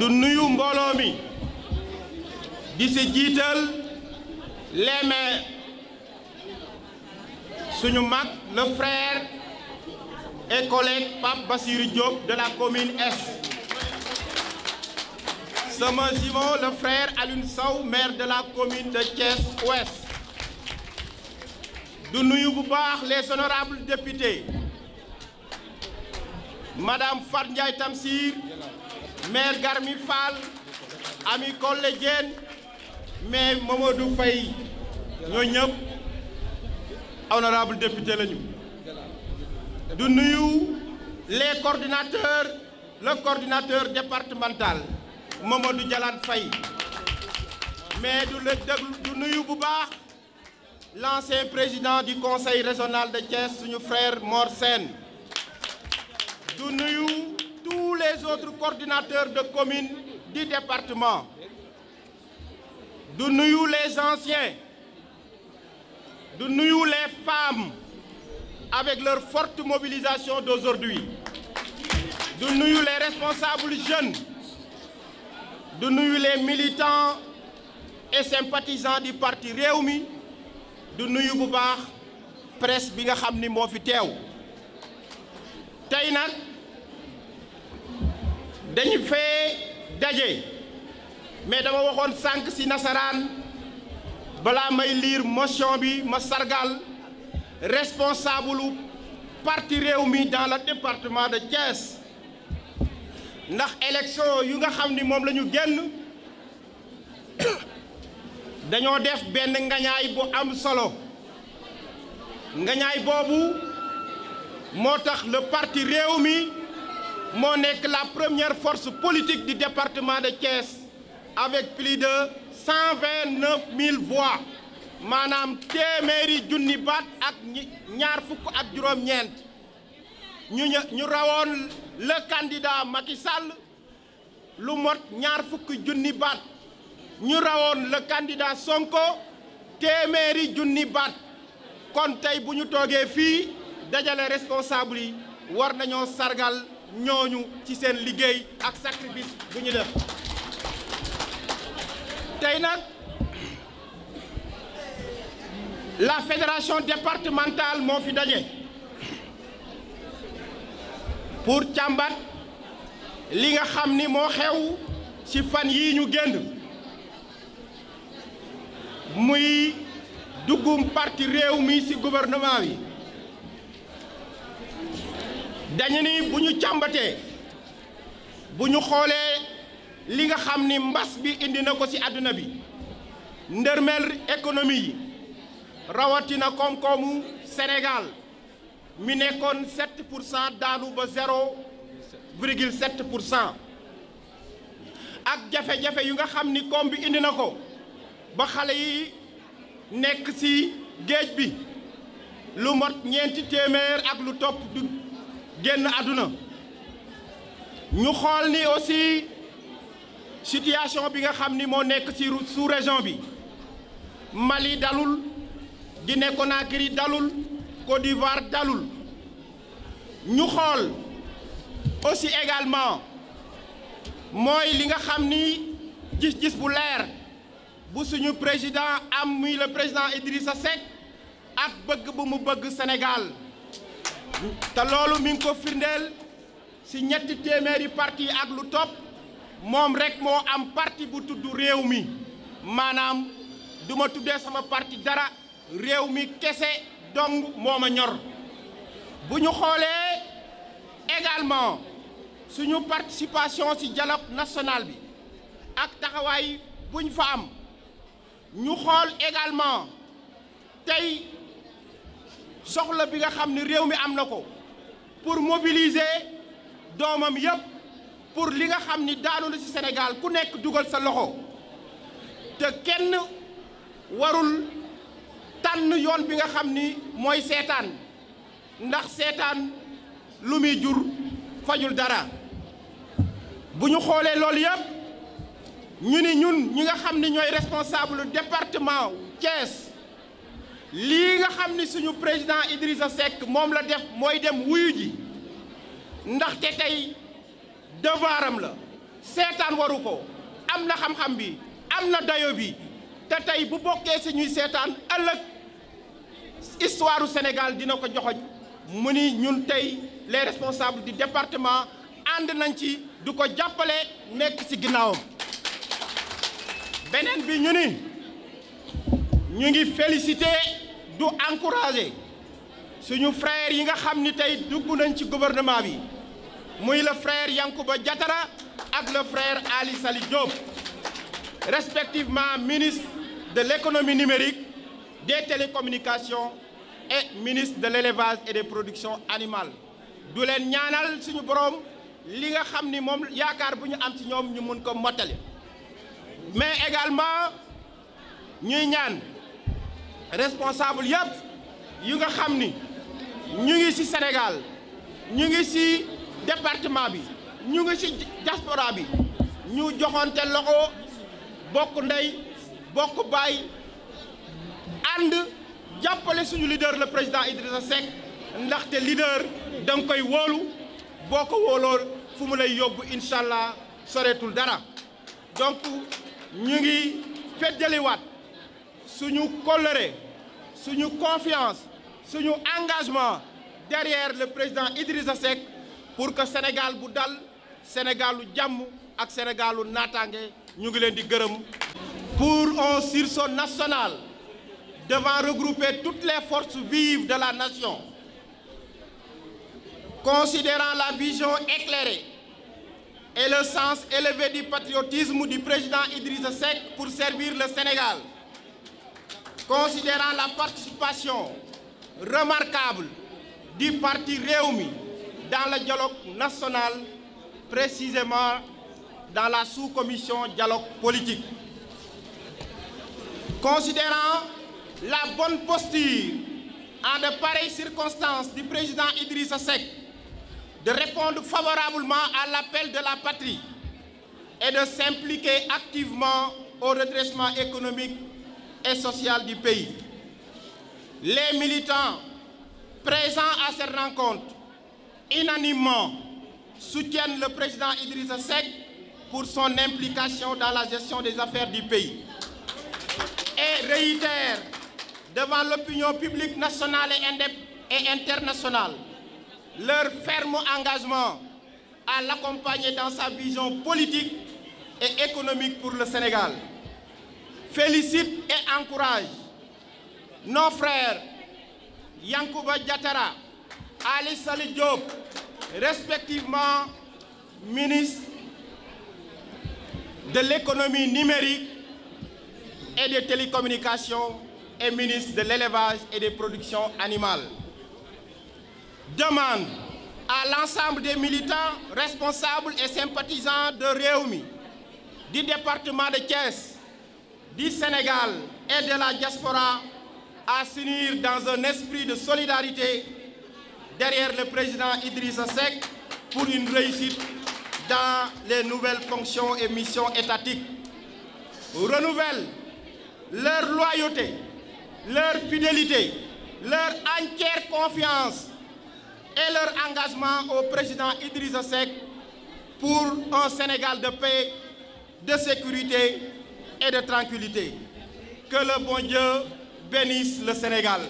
du nuyu mbooloo mi di si jiital leemee suñu mag le frère et collègue Pape Bassirou Diop de la commune sama Simon le frère Alioune Sow maire de la de Thiès Ouest du nuyu bu baax les honorables députés madame Fat Ndiaye Tamsir maire Garmi Fall Ami Collé Diène maire Mamadou Faye ñoo ñëpp honorable député lañu du nuyu les coordinateurs le coordinateur départemental Mamadou Dialane Faye mais du la déglu du nuyu bu baax l'ancien président du conseil régional de Thiès suñu frère Mor seen du nuyu les autres coordinateurs de communes du département du nuyu les anciens du nuyu les femmes avec leur forte mobilisation d'aujourd'hui du nuyu les responsables jeunes du nuyu les militants et sympathisants du parti réew mi du nuyu bu baax presse bi nga xam ni moo fi teew dañu fee daje mais dama waxoon sànq ci nasaraan balaa may liir motion bi ma sargal responsable parti parti mi dans la département de Thiès ndax élection yu nga xam ni moom la ñu génn dañoo def benn ngañaay bu am solo ngañaay boobu moo tax le parti Rewmi moo nekk la première force politique du département de Thiès avec plus de cent vingt mille voix maanaam téeméeri junni baat ak ñaar fukk ak juróom-ñeent ñu ñu rawoon le candidat Macky lu mot ñaar fukki junni baat ñu rawoon la candidat Sonko téeméeri junni baat kon tey bu ñu toogee fii dajale responsable yi war nañoo sargal. ñooñu ci seen liggéey ak sacrifice bu ñu def tey na la fédération départementale moo fi daje pour càmbat li nga xam ni moo xew ci fan yi ñu génn muy duggum parti réew mi ci gouvernement yi dañu ni bu ñu càmbatee bu ñu xoolee li nga xam ni mbas bi indi na ko ci àdduna bi ndërmeel économie yi rawatina koom-koomu Sénégal mi nekkoon 7 pour cent daanu ba 0 virgule 7 pour cent ak jafe-jafe yu nga xam ni koom bi indi na ko ba xale yi nekk ci géej bi lu mot ñeenti téeméer ak lu topp génn àdduna ñu xool ni aussi situation bi nga xam ni moo nekk ci sous région bi Mali dalul Guinée Conakry dalul Côte d'Ivoire dalul ñu xool aussi également mooy li nga xam ni gis-gis bu leer bu suñu président am muy le président Idrissa Seck ak bëgg bu mu bëgg Sénégal te loolu mi ngi ko firndeel si ñetti téeméeri parti ak lu topp moom rekk moo am parti bu tudd réew mi maanaam du ma tuddee sama parti dara réew mi kese dong moo ma ñor bu ñu xoolee également suñu participation ci dialogue national bi ak taxawaay buñ fa am ñu xool également tey soxla bi nga xam ni réew mi am na ko pour mobiliser doomam yépp pour li nga xam ni daanu na ci Sénégal ku nekk dugal sa loxo te kenn warul tànn yoon bi nga xam ni mooy seetaan ndax seetaan lu muy jur fajul dara bu ñu xoolee loolu yépp ñu ni ñun ñi nga xam ni ñooy responsable département Thiès lii nga xam ni suñu président Idrissa Seck moom la def mooy dem wuyu ndax ndaxte tey devoiram la seetaan waru ko am na xam-xam bi am na dayo bi te tey bu bokkee si ñuy seetaan ëllëg histoire du dina ko joxoñ mu ni ñun tey les responsables du département ànd nañ ci du ko jàppale nekk ci ginnaawam beneen bi ñu ni ñu ngi féliciter du encourager suñu frère yi nga xam ni tey dugg nañ ci gouvernement bi muy le frère Yankuba Diatara ak la frère Ali Sali Diop respectivement ministre de l'économie numérique des télécommunications et ministre de l'élevage et des production animales du leen ñaanal suñu boroom li nga xam ni moom yaakaar bu ñu am ci ñoom ñu mun ko mottali mais également ñuy ñaan responsable yëpp yu nga xam ni ñu ngi ci Sénégal ñu ngi si département bi ñu ngi ci diaspora bi ñu joxonte loxo bokk ndey bokk baay ànd jàppale suñu leader la président Idrissa Seck ndaxte leader da nga koy wóolu boo ko wóoloo fu mu yóbbu incha allah soreetul dara donc ñu ngi feddaliwaat suñu colère suñu confiance suñu engagement derrière le président Idrissa Seck pour que Sénégal bu dal Sénégalu jàmm ak Sénégalu naataange ñu ngi leen di gërëm. pour un sursaut national devant regrouper toutes les forces vives de la nation considérant la vision éclairée et le sens élevé du patriotisme di président Idrissa Seck pour servir le Sénégal considérant la participation remarquable du parti Réumi dans le dialogue national, précisément dans la sous-commission dialogue politique. Considérant la bonne posture en de pareilles circonstances du président Idrissa Seck de répondre favorablement à l'appel de la patrie et de s'impliquer activement au redressement économique et sociale du pays. Les militants présents à cette rencontre, unanimement, soutiennent le président Idrissa Seck pour son implication dans la gestion des affaires du pays et réitèrent devant l'opinion publique nationale et internationale leur ferme engagement à l'accompagner dans sa vision politique et économique pour le Sénégal. félicite et encourage nos frères Yankuba Diatara, Ali Salih Diop, respectivement ministres de l'économie numérique et des télécommunications et ministre de l'élevage et des production animales. Demande à l'ensemble des militants, responsables et sympathisants de Réumi, du département de Thiès, du Sénégal et de la diaspora à s'unir dans un esprit de solidarité derrière le président Idrissa Seck pour une réussite dans les nouvelles fonctions et missions étatiques. Renouvellent leur loyauté, leur fidélité, leur entière confiance et leur engagement au président Idrissa Seck pour un Sénégal de paix, de sécurité et de tranquillité. Que le bon Dieu bénisse le Sénégal.